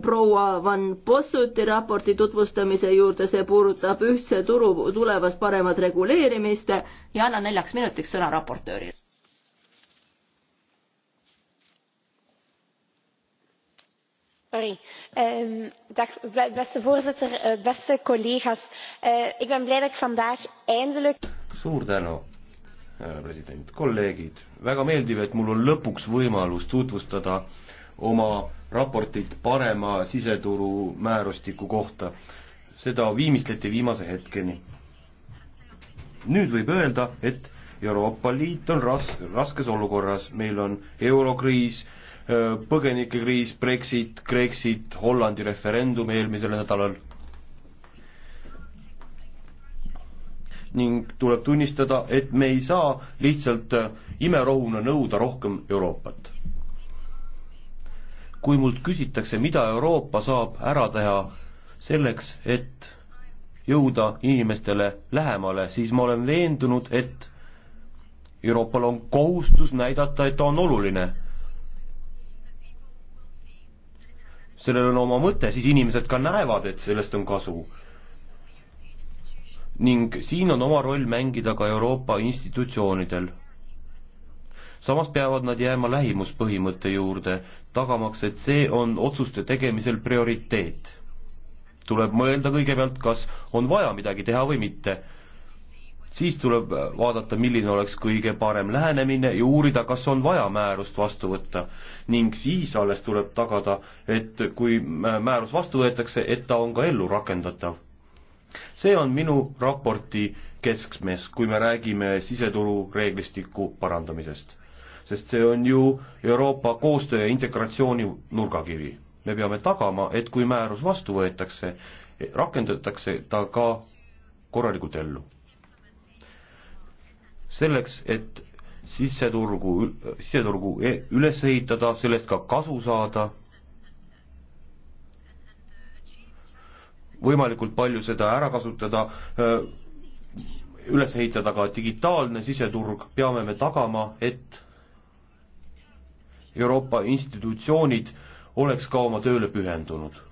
proua Van Possuti raporti tutvustamise juurde, see puudutab ühtse turu tulevast paremat reguleerimist ja annan neljaks minutiks sõna raportöörile. Um, dag beste voorzitter, eh, beste collega's. Uh, ik ben blij dat ik vandaag eindelijk. Suur tänu, härra eh, president, kolleegid. väga meeldiv, et mul on lõpuks võimalus tutvustada uh, oma raportit parema siseturu määrustiku kohta. seda viimistleti viimase hetkeni. nüüd võib öelda, et Euroopa Liit on ras-, raskes olukorras, meil on eurokriis, põgenikekriis, Brexit, Brexit, Hollandi referendum eelmisel nädalal. ning tuleb tunnistada, et me ei saa lihtsalt imerohuna nõuda rohkem Euroopat kui mult küsitakse, mida Euroopa saab ära teha selleks, et jõuda inimestele lähemale, siis ma olen veendunud, et Euroopal on kohustus näidata, et ta on oluline. sellel on oma mõte, siis inimesed ka näevad, et sellest on kasu. ning siin on oma roll mängida ka Euroopa institutsioonidel samas peavad nad jääma lähimuspõhimõtte juurde, tagamaks, et see on otsuste tegemisel prioriteet. tuleb mõelda kõigepealt, kas on vaja midagi teha või mitte. siis tuleb vaadata, milline oleks kõige parem lähenemine ja uurida, kas on vaja määrust vastu võtta. ning siis alles tuleb tagada, et kui määrus vastu võetakse, et ta on ka ellu rakendatav. see on minu raporti keskmes, kui me räägime siseturu reeglistiku parandamisest sest see on ju Euroopa koostöö ja integratsiooni nurgakivi. me peame tagama, et kui määrus vastu võetakse, rakendatakse ta ka korralikult ellu. selleks, et sisseturgu, siseturgu e-, üles ehitada, sellest ka kasu saada, võimalikult palju seda ära kasutada, üles ehitada ka digitaalne siseturg, peame me tagama, et Euroopa institutsioonid oleks ka oma tööle pühendunud.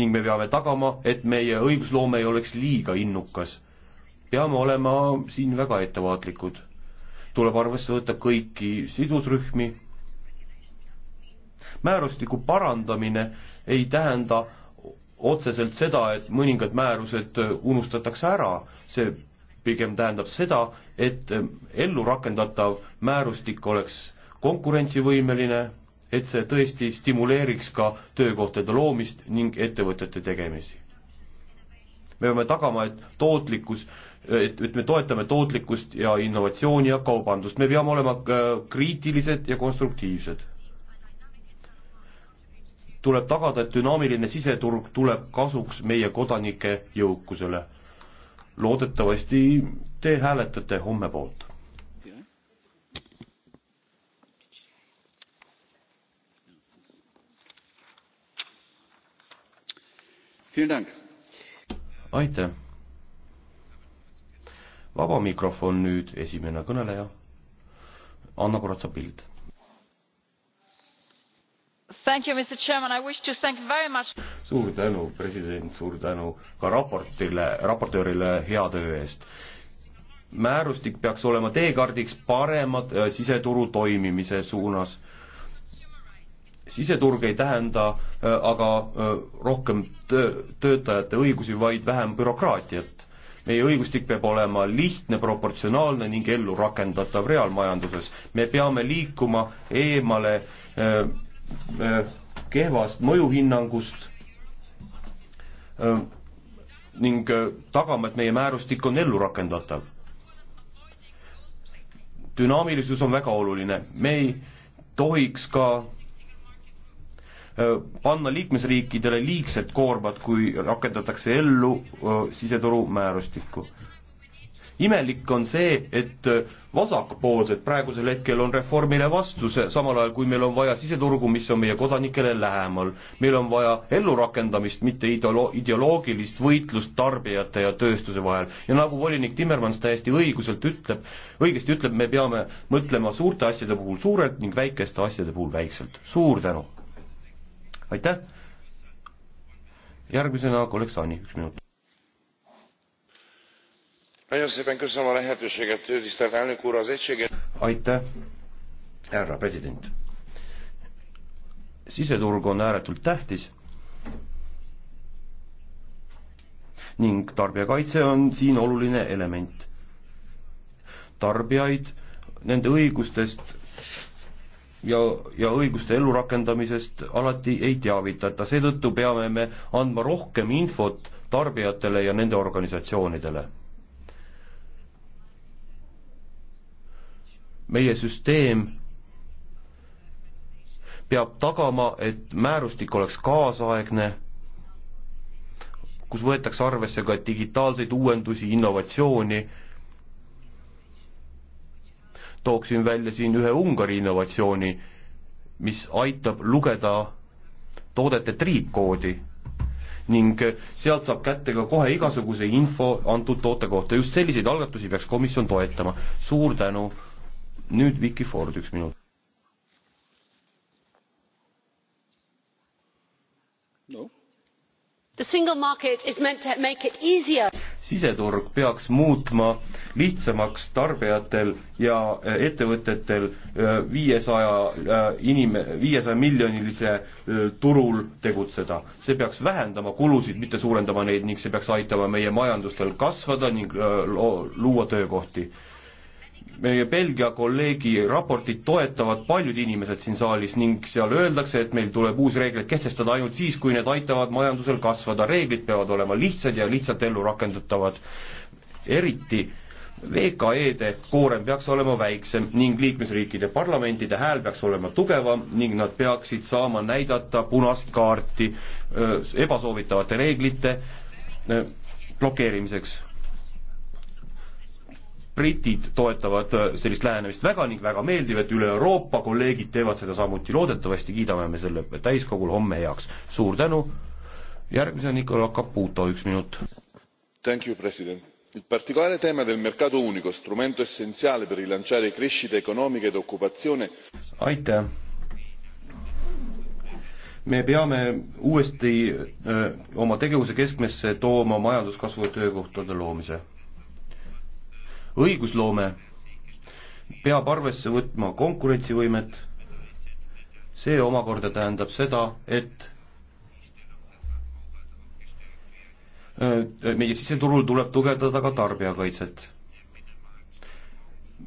ning me peame tagama, et meie õigusloome ei oleks liiga innukas. peame olema siin väga ettevaatlikud. tuleb arvesse võtta kõiki sidusrühmi. määrustiku parandamine ei tähenda otseselt seda, et mõningad määrused unustatakse ära, see pigem tähendab seda, et ähm, ellu rakendatav määrustik oleks konkurentsivõimeline, et see tõesti stimuleeriks ka töökohtade loomist ning ettevõtete tegemisi. me peame tagama, et tootlikkus, et, et me toetame tootlikkust ja innovatsiooni ja kaubandust, me peame olema äh, kriitilised ja konstruktiivsed. tuleb tagada, et dünaamiline siseturg tuleb kasuks meie kodanike jõukusele loodetavasti te hääletate homme poolt. aitäh. vaba mikrofon nüüd, esimene kõneleja. Anna Koratsa pild suur tänu, president, suur tänu ka raportile, raportöörile hea töö eest. määrustik peaks olema teekaardiks paremad äh, siseturu toimimise suunas. siseturg ei tähenda äh, aga äh, rohkem töötajate õigusi, vaid vähem bürokraatiat. meie õigustik peab olema lihtne, proportsionaalne ning ellu rakendatav reaalmajanduses. me peame liikuma eemale kehvast mõjuhinnangust Äh, ning äh, tagama, et meie määrustik on ellu rakendatav. dünaamilisus on väga oluline, me ei tohiks ka äh, panna liikmesriikidele liigset koormat, kui rakendatakse ellu siseturu määrustikku imelik on see, et äh, vasakpoolsed praegusel hetkel on reformile vastu, samal ajal kui meil on vaja siseturgu, mis on meie kodanikele lähemal. meil on vaja ellurakendamist, mitte ideolo-, ideoloogilist võitlust tarbijate ja tööstuse vahel. ja nagu volinik Timmermans täiesti õiguselt ütleb, õigesti ütleb, me peame mõtlema suurte asjade puhul suurelt ning väikeste asjade puhul väikselt. suur tänu! aitäh! järgmisena kolleeg Sani, üks minut aitäh, härra president. siseturg on ääretult tähtis ning tarbijakaitse on siin oluline element. tarbijaid, nende õigustest ja, ja õiguste ellurakendamisest alati ei teavitata, seetõttu peame me andma rohkem infot tarbijatele ja nende organisatsioonidele meie süsteem peab tagama, et määrustik oleks kaasaegne, kus võetakse arvesse ka digitaalseid uuendusi, innovatsiooni. tooksin välja siin ühe Ungari innovatsiooni, mis aitab lugeda toodete triipkoodi ning sealt saab kätte ka kohe igasuguse info antud toote kohta. just selliseid algatusi peaks komisjon toetama. suur tänu nüüd Vicky Ford, üks minut. no siseturg peaks muutma lihtsamaks tarbijatel ja äh, ettevõtetel äh, viiesaja äh, inim-, viiesaja miljonilise turul tegutseda. see peaks vähendama kulusid, mitte suurendama neid ning see peaks aitama meie majandustel kasvada ning luua töökohti meie Belgia kolleegi raportit toetavad paljud inimesed siin saalis ning seal öeldakse, et meil tuleb uusi reegleid kehtestada ainult siis, kui need aitavad majandusel kasvada, reeglid peavad olema lihtsad ja lihtsalt ellu rakendatavad. eriti VKE-de koorem peaks olema väiksem ning liikmesriikide parlamentide hääl peaks olema tugevam ning nad peaksid saama näidata punast kaarti öö, ebasoovitavate reeglite öö, blokeerimiseks britid toetavad äh, sellist lähenemist väga ning väga meeldiv, et üle Euroopa kolleegid teevad seda samuti, loodetavasti kiidame me selle täiskogul homme heaks. suur tänu, järgmisena Nicola Caputo, üks minut. Thank you, president. Il particolare tema del mercato unico, strumento essenziale per rilanciare crescita economica ed occupazione. aitäh. me peame uuesti öö, äh, oma tegevuse keskmesse tooma majanduskasvu ja töökohtade loomise õigusloome peab arvesse võtma konkurentsivõimet, see omakorda tähendab seda, et äh, meie siseturul tuleb tugevdada ka tarbijakaitset.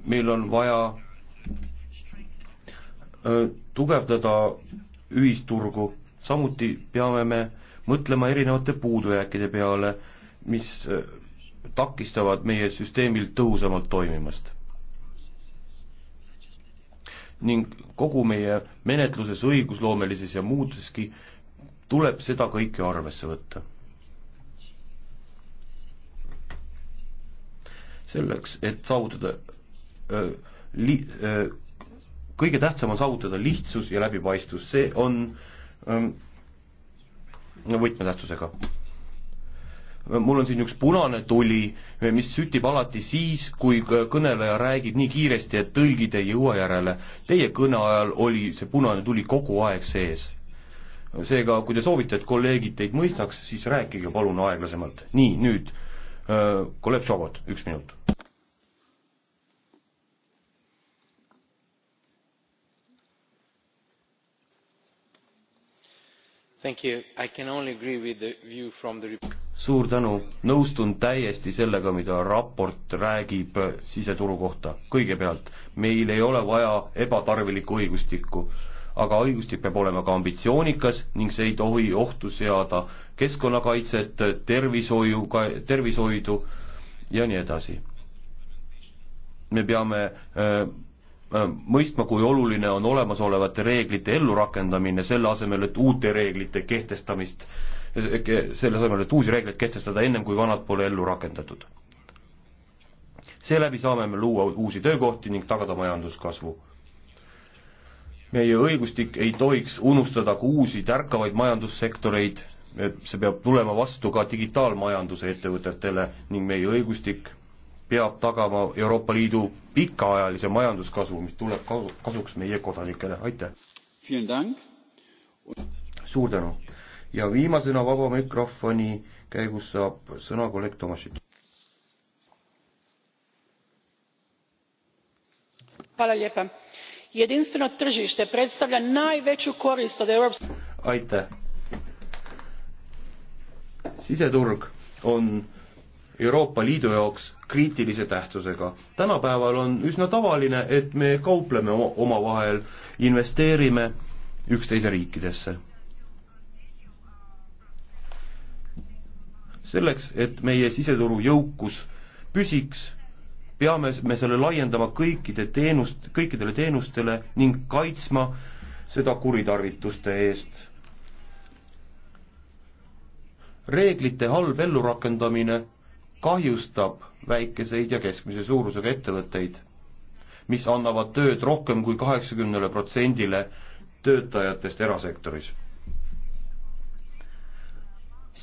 meil on vaja äh, tugevdada ühisturgu, samuti peame me mõtlema erinevate puudujääkide peale, mis äh, takistavad meie süsteemil tõhusamalt toimimast. ning kogu meie menetluses, õigusloomelises ja muudeski tuleb seda kõike arvesse võtta. selleks, et saavutada öö, li-, öö, kõige tähtsam on saavutada lihtsus ja läbipaistvus, see on öö, võtmetähtsusega mul on siin üks punane tuli, mis sütib alati siis, kui kõneleja räägib nii kiiresti, et tõlgid ei jõua järele. Teie kõne ajal oli see punane tuli kogu aeg sees. seega, kui te soovite, et kolleegid teid mõistaks, siis rääkige palun aeglasemalt. nii, nüüd äh, kolleeg Tšovot, üks minut. Thank you. I can only agree with the view from the report suur tänu, nõustun täiesti sellega, mida raport räägib siseturu kohta. kõigepealt, meil ei ole vaja ebatarvilikku õigustikku, aga õigustik peab olema ka ambitsioonikas ning see ei tohi ohtu seada keskkonnakaitset, tervishoiu, tervishoidu ja nii edasi. me peame äh, äh, mõistma, kui oluline on olemasolevate reeglite ellurakendamine, selle asemel, et uute reeglite kehtestamist äh, selle asemel, et uusi reegleid kehtestada ennem, kui vanad pole ellu rakendatud. seeläbi saame me luua uusi töökohti ning tagada majanduskasvu. meie õigustik ei tohiks unustada ka uusi tärkavaid majandussektoreid, see peab tulema vastu ka digitaalmajanduse ettevõtetele ning meie õigustik peab tagama Euroopa Liidu pikaajalise majanduskasvu, mis tuleb kasu, kasuks meie kodanikele, aitäh! suur tänu! ja viimasena vaba mikrofoni käigus saab sõna kolleeg Tomašit. jedinstveno tržište predstavlja najveću korist od europske. aitäh. siseturg on Euroopa Liidu jaoks kriitilise tähtsusega. tänapäeval on üsna tavaline, et me kaupleme omavahel, investeerime üksteise riikidesse selleks, et meie siseturu jõukus püsiks, peame me selle laiendama kõikide teenust, kõikidele teenustele ning kaitsma seda kuritarvituste eest. reeglite halb ellurakendamine kahjustab väikeseid ja keskmise suurusega ettevõtteid, mis annavad tööd rohkem kui kaheksakümnele protsendile töötajatest erasektoris.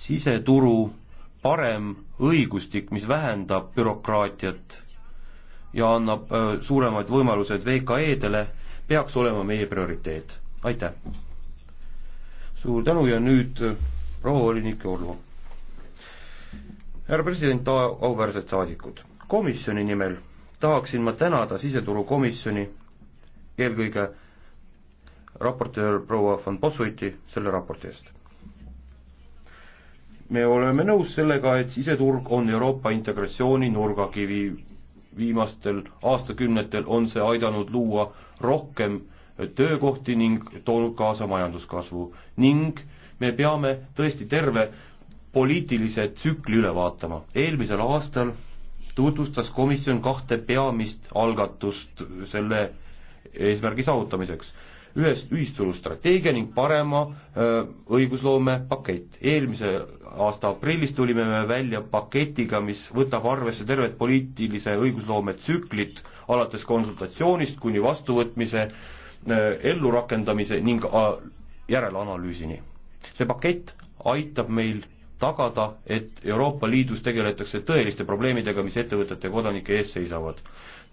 siseturu parem õigustik, mis vähendab bürokraatiat ja annab äh, suuremad võimalused VKE-dele, peaks olema meie prioriteet. aitäh! suur tänu ja nüüd äh, proua volinik Orlo. härra president, auväärsed saadikud, komisjoni nimel tahaksin ma tänada siseturukomisjoni, eelkõige raportöör proua von Bossuiti selle raporti eest me oleme nõus sellega, et siseturg on Euroopa integratsiooni nurgakivi. viimastel aastakümnetel on see aidanud luua rohkem töökohti ning toonud kaasa majanduskasvu ning me peame tõesti terve poliitilise tsükli üle vaatama. eelmisel aastal tutvustas komisjon kahte peamist algatust selle eesmärgi saavutamiseks ühes ühisturustrateegia ning parema õigusloome pakett. eelmise aasta aprillis tulime me välja paketiga, mis võtab arvesse tervet poliitilise õigusloome tsüklit, alates konsultatsioonist kuni vastuvõtmise, ellurakendamise ning järeleanalüüsini. see pakett aitab meil tagada, et Euroopa Liidus tegeletakse tõeliste probleemidega, mis ettevõtete ja kodanike ees seisavad.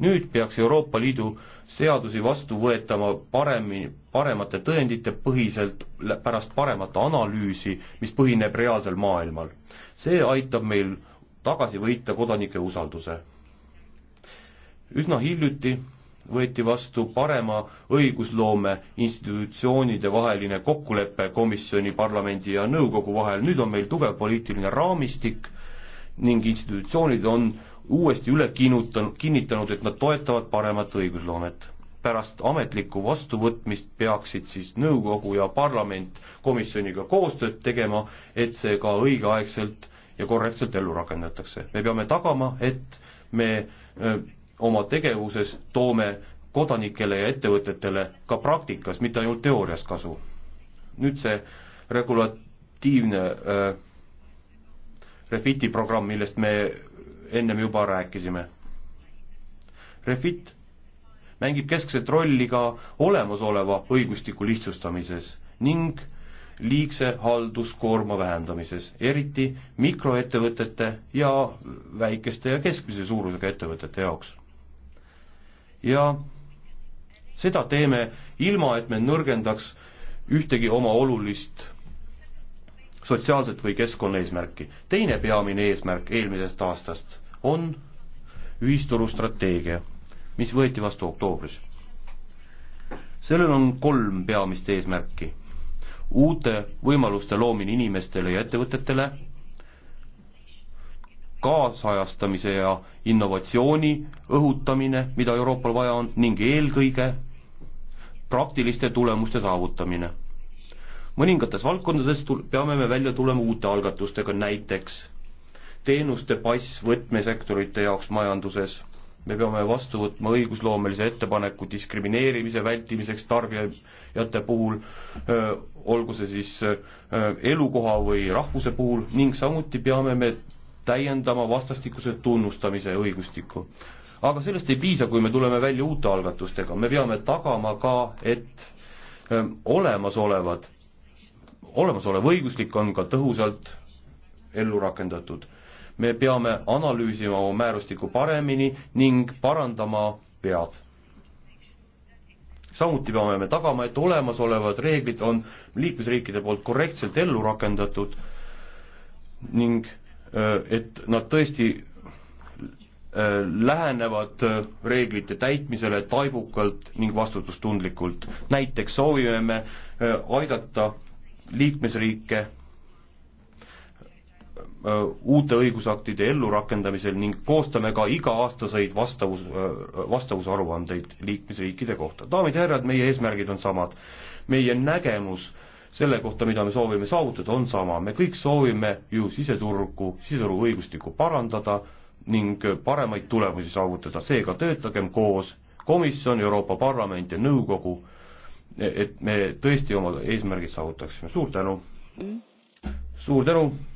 nüüd peaks Euroopa Liidu seadusi vastu võetama paremini, paremate tõendite põhiselt, pärast paremat analüüsi, mis põhineb reaalsel maailmal. see aitab meil tagasi võita kodanike usalduse. üsna hiljuti võeti vastu parema õigusloome institutsioonide vaheline kokkulepe komisjoni, parlamendi ja nõukogu vahel, nüüd on meil tugev poliitiline raamistik ning institutsioonid on uuesti üle kinnutanud, kinnitanud, et nad toetavad paremat õigusloomet. pärast ametlikku vastuvõtmist peaksid siis nõukogu ja parlament komisjoniga koostööd tegema, et see ka õigeaegselt ja korrektselt ellu rakendatakse. me peame tagama, et me oma tegevuses toome kodanikele ja ettevõtetele ka praktikas, mitte ainult teoorias kasu. nüüd see regulatiivne äh, Refiti programm, millest me ennem juba rääkisime. Refit mängib keskset rolli ka olemasoleva õigustiku lihtsustamises ning liigse halduskoorma vähendamises, eriti mikroettevõtete ja väikeste ja keskmise suurusega ettevõtete jaoks ja seda teeme ilma, et me nõrgendaks ühtegi oma olulist sotsiaalset või keskkonnaeesmärki. teine peamine eesmärk eelmisest aastast on ühisturustrateegia, mis võeti vastu oktoobris. sellel on kolm peamist eesmärki. uute võimaluste loomine inimestele ja ettevõtetele kaasajastamise ja innovatsiooni õhutamine, mida Euroopal vaja on, ning eelkõige praktiliste tulemuste saavutamine. mõningates valdkondades tul-, peame me välja tulema uute algatustega, näiteks teenuste pass võtmesektorite jaoks majanduses, me peame vastu võtma õigusloomelise ettepaneku diskrimineerimise vältimiseks tarbijate puhul, olgu see siis öö, elukoha või rahvuse puhul, ning samuti peame me täiendama vastastikuse tunnustamise õigustikku. aga sellest ei piisa, kui me tuleme välja uute algatustega, me peame tagama ka, et ähm, olemasolevad, olemasolev õiguslik on ka tõhusalt ellu rakendatud. me peame analüüsima oma määrustikku paremini ning parandama vead. samuti peame me tagama, et olemasolevad reeglid on liikmesriikide poolt korrektselt ellu rakendatud ning Äh, et nad tõesti äh, lähenevad äh, reeglite täitmisele taibukalt ning vastutustundlikult. näiteks soovime me aidata liikmesriike uute õigusaktide ellurakendamisel ning koostame ka iga-aastaseid vastavus, vastavusaruandeid liikmesriikide kohta. daamid ja härrad, meie eesmärgid on samad. meie nägemus äh, selle kohta, mida me soovime saavutada, on sama, me kõik soovime ju siseturgu, siseturu õigustikku parandada ning paremaid tulemusi saavutada, seega töötagem koos, komisjon, Euroopa Parlament ja Nõukogu, et me tõesti oma eesmärgid saavutaksime, suur tänu! Mm. suur tänu!